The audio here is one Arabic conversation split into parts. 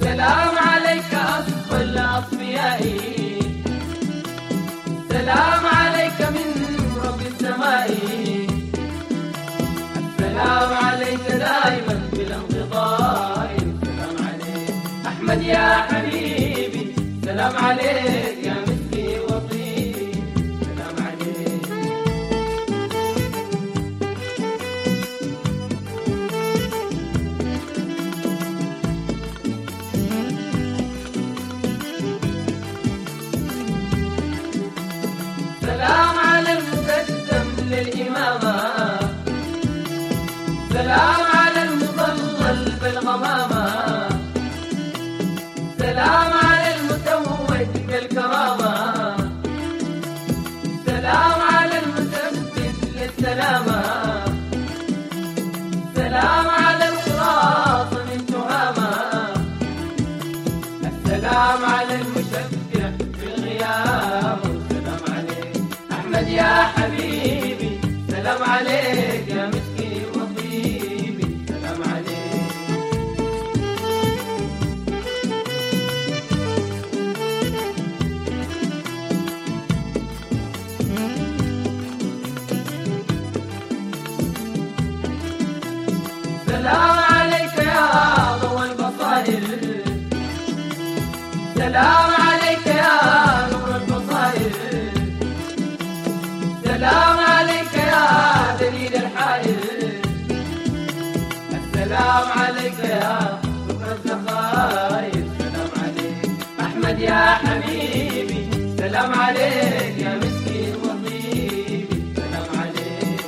سلام عليك أصف الأصفياء سلام عليك من رب السماء عليك دائما سلام عليك أحمد يا حبيبي سلام عليك الإمامة سلام على المظلل بالغمامة سلام على المتوج بالكرامة سلام على المثبت للسلامة سلام على الخراط من تهامة السلام على في بالغياب سلام عليك أحمد يا حبيبي عليك يا مثل سلام عليك يا ذكر الزخايل سلام عليك أحمد يا حبيبي سلام عليك يا مسكين وطيبي سلام عليك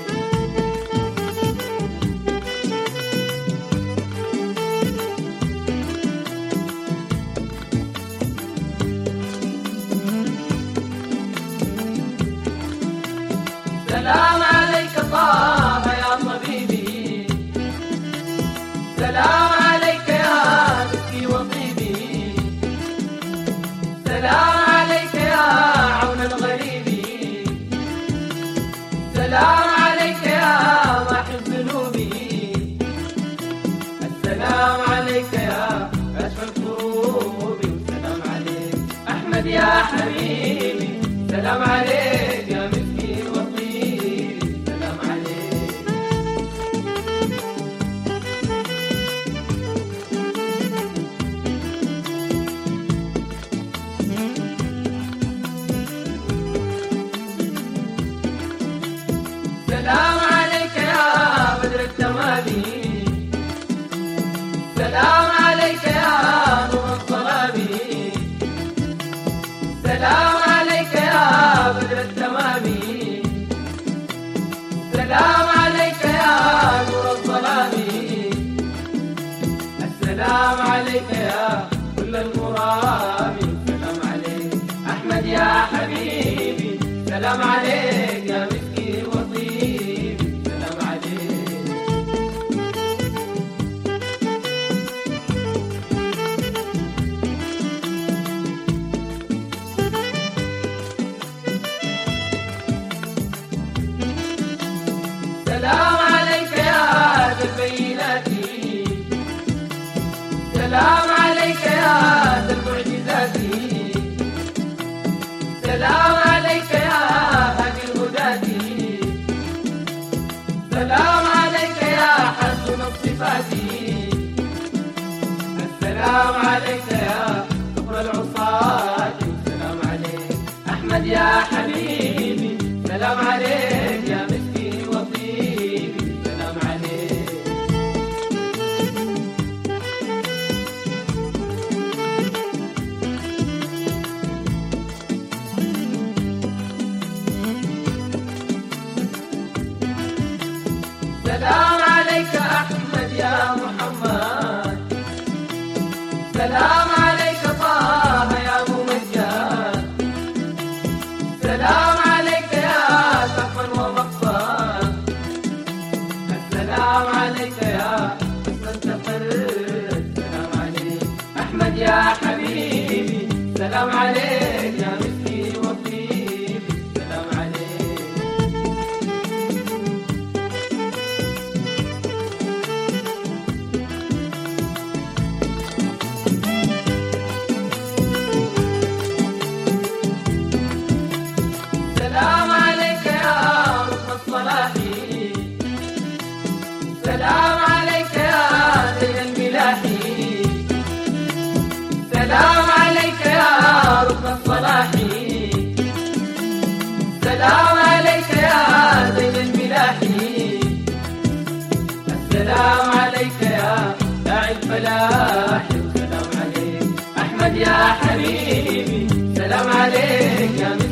سلام السلام عليك يا محب ذنوبي السلام عليك يا عليك أحمد يا حبيبي سلام عليك سلام عليك يا كل المرامي سلام عليك أحمد يا حبيبي سلام عليك يا مسكي وطيبي سلام عليك سلام سلام عليك يا ذا المعجزات سلام عليك يا هادي الهداة سلام عليك يا حسن الصفات السلام عليك يا صبر العصاة سلام عليك أحمد يا حبيبي سلام عليك احمد يا حبيبي سلام عليك يا مسكي وطيبي سلام عليك سلام عليك يا رب الصلاحي سلام عليك سلام عليك يا ركن صلاحي سلام عليك يا زين الملاحي السلام عليك يا داعي الفلاح السلام عليك أحمد يا حبيبي سلام عليك يا